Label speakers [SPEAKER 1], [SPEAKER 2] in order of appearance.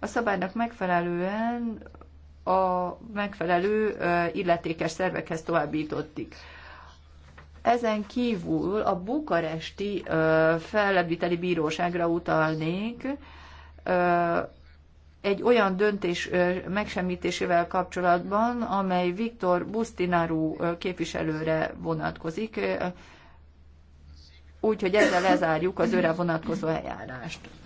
[SPEAKER 1] A szabálynak megfelelően a megfelelő illetékes szervekhez továbbítottik. Ezen kívül a bukaresti fellebbviteli bíróságra utalnék, egy olyan döntés megsemmítésével kapcsolatban, amely Viktor Bustinaru képviselőre vonatkozik, úgyhogy ezzel lezárjuk az őre vonatkozó eljárást.